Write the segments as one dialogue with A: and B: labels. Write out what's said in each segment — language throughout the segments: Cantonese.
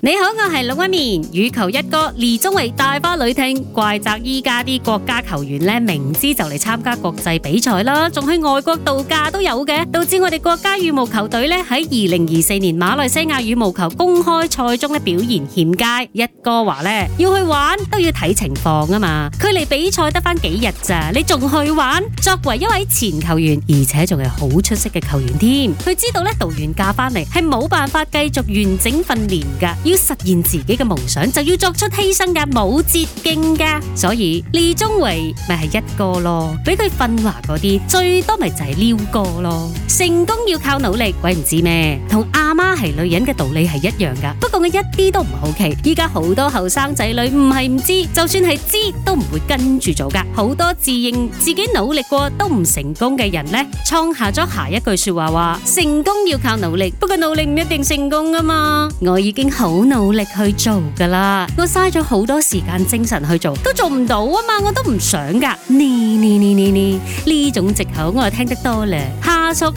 A: 你好，我係老威面羽球一哥李宗偉，大巴女聽怪責依家啲國家球員咧，明知就嚟參加國際比賽啦，仲去外國度假都有嘅，導致我哋國家羽毛球隊咧喺二零二四年馬來西亞羽毛球公開賽中咧，表現欠佳。一哥話咧，要去玩都要睇情況啊嘛，距離比賽得返幾日咋，你仲去玩？作為一位前球員，而且仲係好出色嘅球員添，佢知道咧，度完假翻嚟係冇辦法繼續完整訓練噶。要實現自己嘅夢想，就要作出犧牲噶，冇捷徑噶。所以李宗偉咪係一哥咯，俾佢訓話嗰啲最多咪就係撩哥咯。成功要靠努力，鬼唔知咩，同阿媽係女人嘅道理係一樣噶。我一啲都唔好奇，依家好多後生仔女唔係唔知，就算係知都唔會跟住做噶。好多自認自己努力過都唔成功嘅人呢，創下咗下一句說話：話成功要靠努力，不過努力唔一定成功啊嘛。我已經好努力去做噶啦，我嘥咗好多時間精神去做，都做唔到啊嘛，我都唔想噶。呢呢呢呢呢呢種藉口我係聽得多嘞。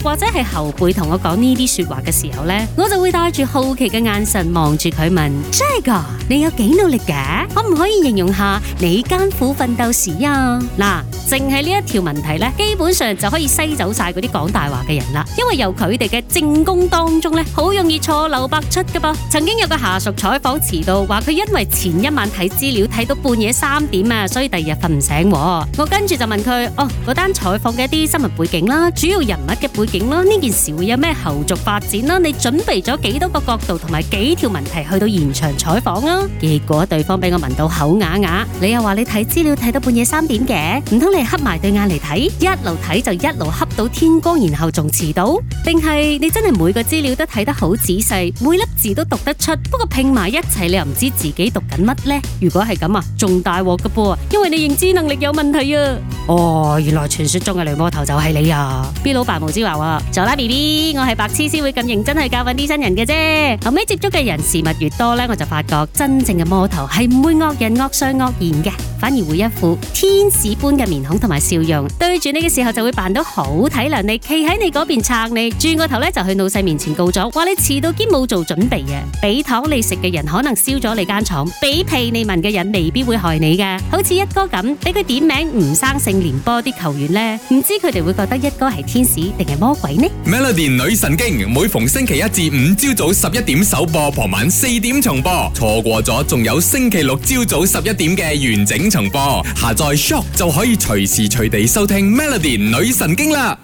A: 或者係後輩同我講呢啲說話嘅時候呢，我就會帶住好奇嘅眼神望住佢問：Jack？你有幾努力嘅？可唔可以形容下你艱苦奮鬥史啊？嗱。淨係呢一條問題咧，基本上就可以篩走晒嗰啲講大話嘅人啦。因為由佢哋嘅證供當中咧，好容易錯漏百出噶噃。曾經有個下屬採訪遲到，話佢因為前一晚睇資料睇到半夜三點啊，所以第二日瞓唔醒。我跟住就問佢：哦，嗰單採訪嘅一啲新聞背景啦，主要人物嘅背景啦，呢件事會有咩後續發展啦？你準備咗幾多個角度同埋幾條問題去到現場採訪啊？結果對方俾我問到口啞啞，你又話你睇資料睇到半夜三點嘅，唔通？你係黑埋對眼嚟睇，一路睇就一路黑到天光，然後仲遲到。定係你真係每個資料都睇得好仔細，每粒字都讀得出。不過拼埋一齊，你又唔知自己讀緊乜呢？如果係咁啊，仲大鑊噶噃，因為你認知能力有問題啊！哦，oh, 原來傳說中嘅女魔頭就係你啊 B 老白無之話喎，走啦，B B，我係白痴先會咁認真去教訓啲新人嘅啫。後尾接觸嘅人事物越多咧，我就發覺真正嘅魔頭係唔會惡人惡相惡言嘅，反而會一副天使般嘅面孔同埋笑容。對住你嘅時候就會扮到好體諒你，企喺你嗰邊撐你。轉個頭咧就去老細面前告狀，話你遲到兼冇做準備啊！俾糖你食嘅人可能燒咗你間廠，俾屁你聞嘅人未必會害你噶。好似一哥咁，俾佢點名唔生性，聯播啲球員咧，唔知佢哋會覺得一哥係天使定係魔鬼呢？Melody 女神經每逢星期一至五朝早十一點首播，傍晚四點重播，錯過咗仲有星期六朝早十一點嘅完整重播。下載 Shock 就可以隨時隨地收聽 Melody 女神經啦。